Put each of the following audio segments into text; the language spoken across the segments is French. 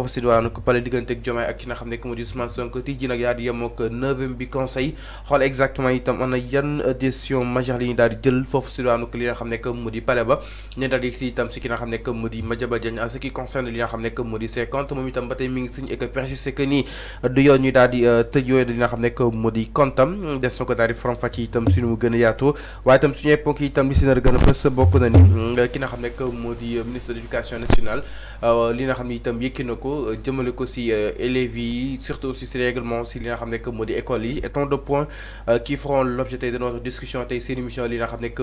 foofu si diwaanu ko pale diggante ak Diomaye ak ki na a xam ne que ministre de l'éducation nationale euh, li nga xam ne itam yëkki ko je euh, jëmale ko si euh, élèves surtout aussi si règlement si li nga xam que moo école et tant de points euh, qui feront l'objet de notre discussion et c'est émission li nga a ne que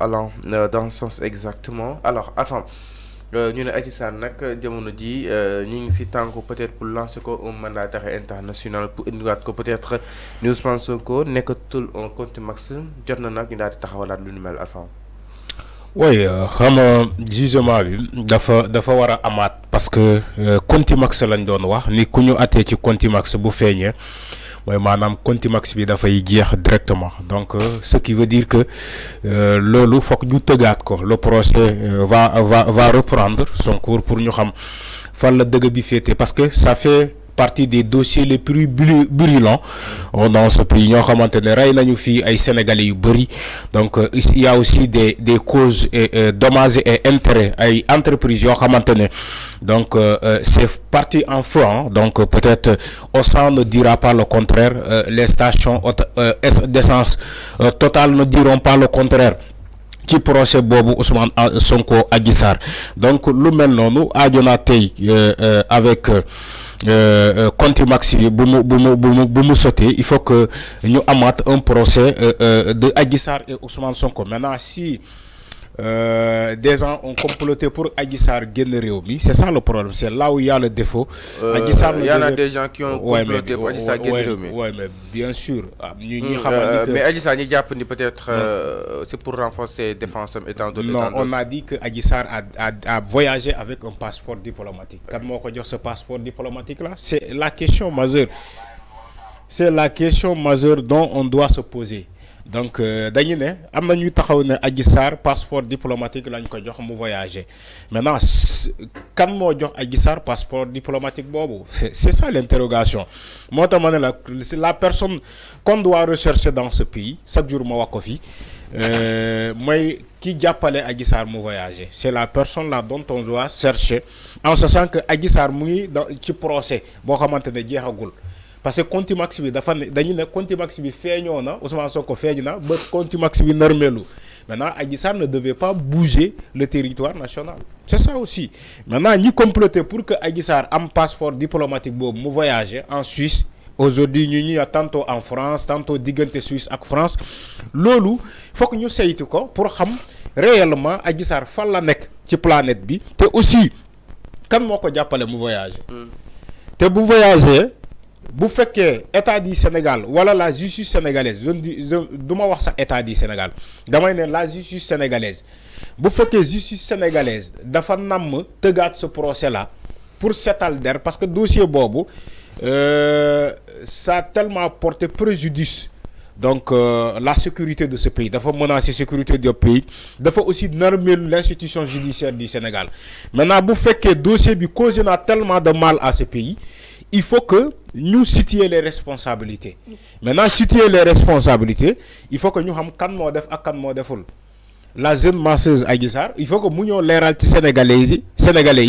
allant euh, dans ce sens exactement alors attends nous euh, ne dit que nous avons ji euh, nous peut-être pour lancer un mandat international pour droite peut-être ñu Ousmane un contumax jot Nous nag ñu daal nous lu nu mel oui xam jugement bi dafa dafa parce que contumax lañ doon wax ni ku ñu ci manam maanaam max bi dafay jeex directement donc euh, ce qui veut dire que euh, le procès euh, va va reprendre son cours pour nous xam fan la deug parce que ça fait partie des dossiers les plus brûlants oh, dans ce pays nous avons ne sénégalais donc euh, il y a aussi des des causes et euh, dommages et intérêts ay entreprises yoo xamante donc euh, c'est parti en feu hein. donc peut-être Ossan ne dira pas le contraire les stations d'essence totale ne diront pas le contraire. Qui procès Bobo Ousmane Sonko Adji donc nous maintenant nous aajo avec euh, euh, contre Max bu bu il faut que nous un procès euh, de Adji et euh, des gens ont comploté pour Agissar Guénéréomi. C'est ça le problème. C'est là où il y a le défaut. Euh, il y en a des gens qui ont comploté pour Agissar Guénéréomi. Oui, mais bien sûr. Mmh, mais Agissar peut-être, c'est pour renforcer défenses étant donné. Non, on a dit que a, voyagé avec un passeport diplomatique. Quand on dit ce passeport diplomatique-là, c'est la question majeure. C'est la question majeure dont on doit se poser donc euh, dañu ne am taxaw ne aji sar passeport diplomatique lañ ko jox mu voyager maintenant kan mo jox aji sar passeport diplomatique bobu c'est ça l'interrogation moo ne la la personne qu'on doit rechercher dans ce pays chaque jour ma wax ko euh moy ki jappalé aji sar mu voyager c'est la personne là dont on doit chercher en sachant que aji sar mu ci procès bo xamante ne jeexagul parce que contumace bi dafa dañu ne contumace bi feeñoo na Ousmane Sonko feeñ na ba contumace bi maintenant Adji ne devait pas bouger le territoire national c'est ça aussi maintenant ñi comploter pour que Adji Sarr am passeport diplomatique bob mu voyager en Suisse aujourd'hui ñu ñu tantôt en France tantôt en Suisse ak France loolu fokk ñu saytu ko pour xam réellement Adji Sarr fa la nek ci planète bi té aussi kan moko jappalé mu voyager mm. té bu voyager bu que état du Sénégal voilà la justice sénégalaise je ne wax sa état du Sénégal damay la justice sénégalaise bu que justice sénégalaise dafa te garde ce procès là pour cet alder parce que dossier bobo euh, ça a tellement porté préjudice donc euh, la sécurité de ce pays dafa menacer sécurité du pays dafa aussi normer l'institution judiciaire du Sénégal maintenant fait que dossier bi causé a tellement de mal à ce pays il faut que nous situer les responsabilités maintenant situer les responsabilités il faut que nous ayons kan mois def ak kan la jeune masseuse Aguissar, il faut que nous ayons leeral ci sénégalais sénégalais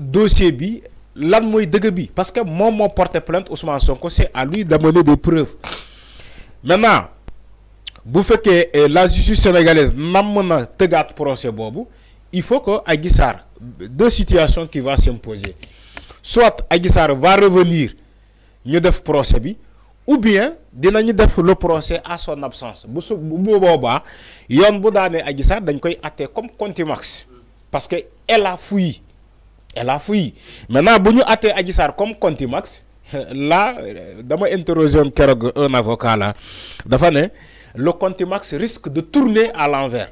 dossier bi lan moy deug bi parce que moi, je porte plainte Ousmane Sonko c'est à lui d'amener des preuves maintenant bu que eh, la justice sénégalaise nam na tëggaat procès bobu il faut que Aguissar, deux situations qui vont s'imposer soit Adji va revenir ñu def procès bi ou bien dinañu def le procès à son absence bu su bu boobaa yoon bu daanee Adji dañ koy àttee comme Contimax, parce que elle a fui elle a fui maintenant bu ñu àttee Adji comme Contimax. là dama interroger un avocat là dafa le max risque de tourner à l'envers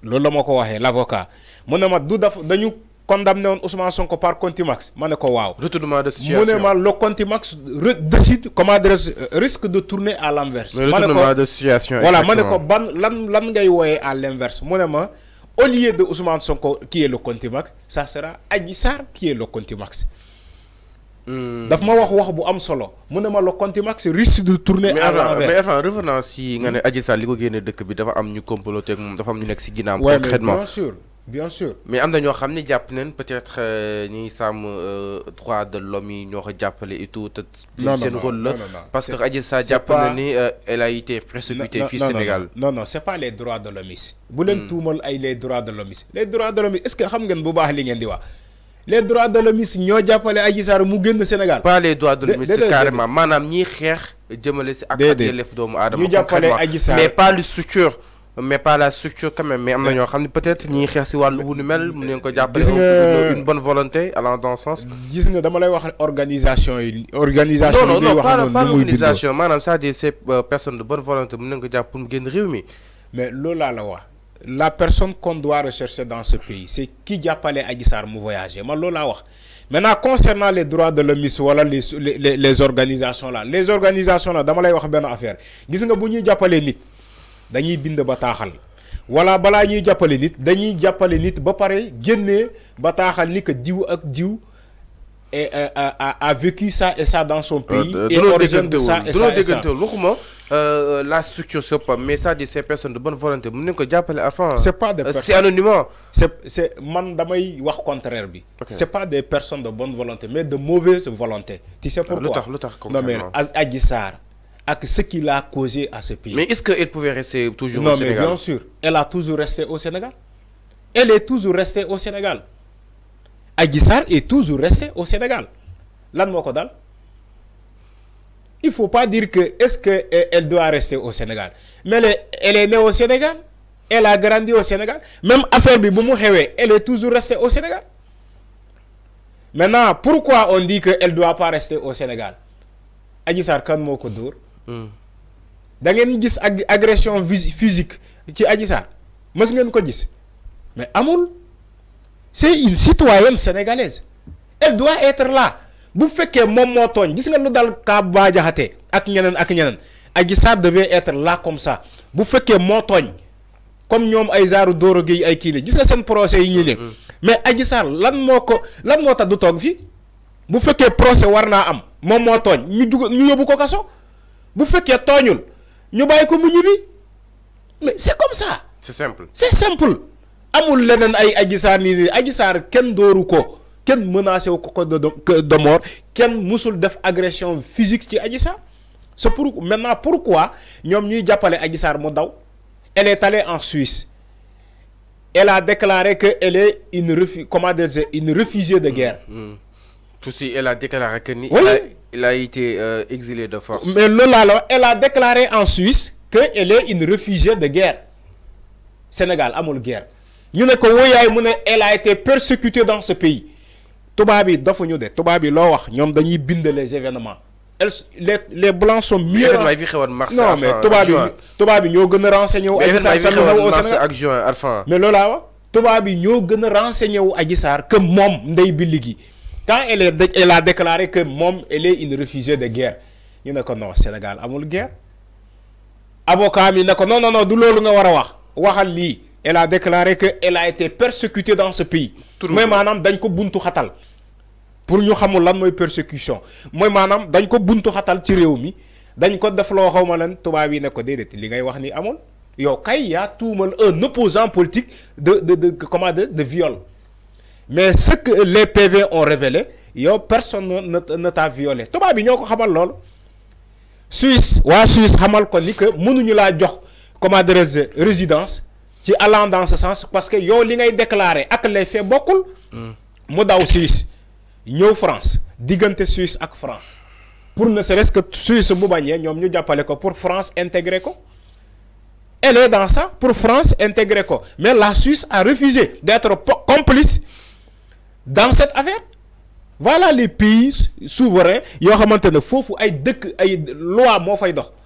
lolou la waxé l'avocat mu ne ma du dañu condamné Ousmane Sonko par Contimax. Je ne ko waaw. retournement de situation mu ne le Contimax décide comment risque de tourner à l'inverse ko retournement de situation. voilà je ne ko ban lan ngay wooyee à l'inverse mu ne au lieu de Ousmane Sonko qui est le Contimax, ça sera Adji qui est le contumace. Hmm. daf ma wax wax bu am solo mu ne ma le Contimax risque de tourner à l'envers mais enfin revenant si nga ne hmm. Adji Sarr li ko génne dëkk bi dafa am ñu comploter ak dafa am ñu nekk concrètement bien sûr bien sûr mais am na ñoo xam ne jàpp nañ peut-être euh, ñiy sàmm euh, droit de l'homme yi ñoo ko jàppale et tout te seen rôle la parce que Adji Sarr jàpp na ni euh, elle a été persécutée fii Sénégal non non c'est pas les droits de l'homme yi bu leen hmm. tuumal ay les droits de l'homme ici. les droits de l'homme est-ce que xam ngeen bu baax li ngeen di wax les droits de l'homme ici ñoo jàppale Adji Sarr mu génn Sénégal pas les droits de l'homme yi carrément maanaam ñiy xeex jëmale si ak ak yelleef doomu aadama ñu jàppale Adji mais pas le structure mais pas la structure quand même mais peut-être ni xeex si mel une bonne volonté allant dans ce sens. disons nga dama organisation non organisation yi wax non non pas l'organisation maanaam c'est-à-dire euh, personne de bonne volonté mun nañu pour mais loolu la wax la personne qu'on doit rechercher dans ce pays c'est qui a Adji Sarr mu voyager man loolu Maintenant, concernant les droits de l'homme, voilà les, les, les, organisations là. Les organisations là, dans ma affaire. Vous voyez, vous avez dañuy bind bataaxal wala balaa ñuy jàppale nit dañuy jàppale nit ba pare génnee bataaxal ni que diw ak diw et euh, a vécu ça et ça dans son euh, pays. et origine de ça et ça et ça waxuma euh, la structure c'est pas mais ça dit ces personnes de bonne volonté mun nañu ko jàppale avant. c'est pas des personnes c'est anonymat. c'est c'est man damay wax contraire bi. c'est pas des personnes de bonne volonté mais de mauvaise volonté. tu sais ah, pourquoi lu tax lu tax non mais Adji Sarr. À ce qu'il a causé à ce pays. Mais est-ce qu'elle pouvait rester toujours au Sénégal Non, mais bien sûr. Elle a toujours resté au Sénégal. Elle est toujours restée au Sénégal. Aguissar est toujours restée au Sénégal. Lan Il ne faut pas dire que est-ce qu'elle euh, doit rester au Sénégal. Mais elle est, née au Sénégal. Elle a grandi au Sénégal. Même affaire Biboumou Hewe, elle est toujours restée au Sénégal. Maintenant, pourquoi on dit qu'elle ne doit pas rester au Sénégal Aguissar, quand Mokodour da ngeen gis agression physique qui a mais amul c'est une citoyenne sénégalaise elle doit être là si vous que mon montagne vous nga lu dal devait être là comme ça bu que moo comme nous ay zaaru Doro ay la gis procès mais lan lan vie procès war là am moom nous ñu bu fekkee tooñul ñu bàyyi ko mu ñibbi mais c'est comme ça. c'est simple c'est simple. amul lenen ay Adji ni nii ken Sarr ko ken menacé ko ko de mort ken musul def agression physique ci Adji c'est pour maintenant pourquoi ñom ñuy jappalé Adji Sarr mu daw elle est allée en Suisse elle a déclaré que elle est une refu comment dire une réfugiée de guerre. tout mmh, mmh. si elle a déclaré que ni. Il a été euh, exilé de force. Mais Lola, elle a déclaré en Suisse qu'elle est une réfugiée de guerre. Sénégal, à guerre. Elle a été persécutée dans ce pays. Tobabi, Tobabi, les événements. Les, les, blancs sont mieux non mais tubaab yi tubaab yi ñoo gën a renseigné wu mais loolu laa wax tubaab yi ñoo renseigné au Adji que Mom, Ndeye Billy quand elle, a déclaré que mom, elle est une refusée de guerre, il ko non Sénégal amul guerre avocat mi non non non du l'on a elle a déclaré que elle a été persécutée dans ce pays. Mais Madame dañ buntu khatal. pour nous xamul lan une persécution mooy Madame dañ ko buntu khatal ci persécutée. mi dañ ko def lan li ngay un opposant politique de de de comment de de viol mais ce que les PV ont révélé personne ne t'a violé Tout bi tu sait xamal Suisse wa Suisse xamal ko que nous la jox comme adresse résidence ci allant dans ce sens parce que yo li ngay déclarer ak les faits bokkul. Mm. mu daw Suisse ñeu France La Suisse ak France pour ne serait-ce que Suisse bu bañee ñom ñu jappalé ko pour France intégrer ko. elle est dans ça pour France intégrer ko mais la Suisse a refusé d'être complice dans cette affaire voilà les pays souverains yoo ont ne foofu ay dëkk ay loi qui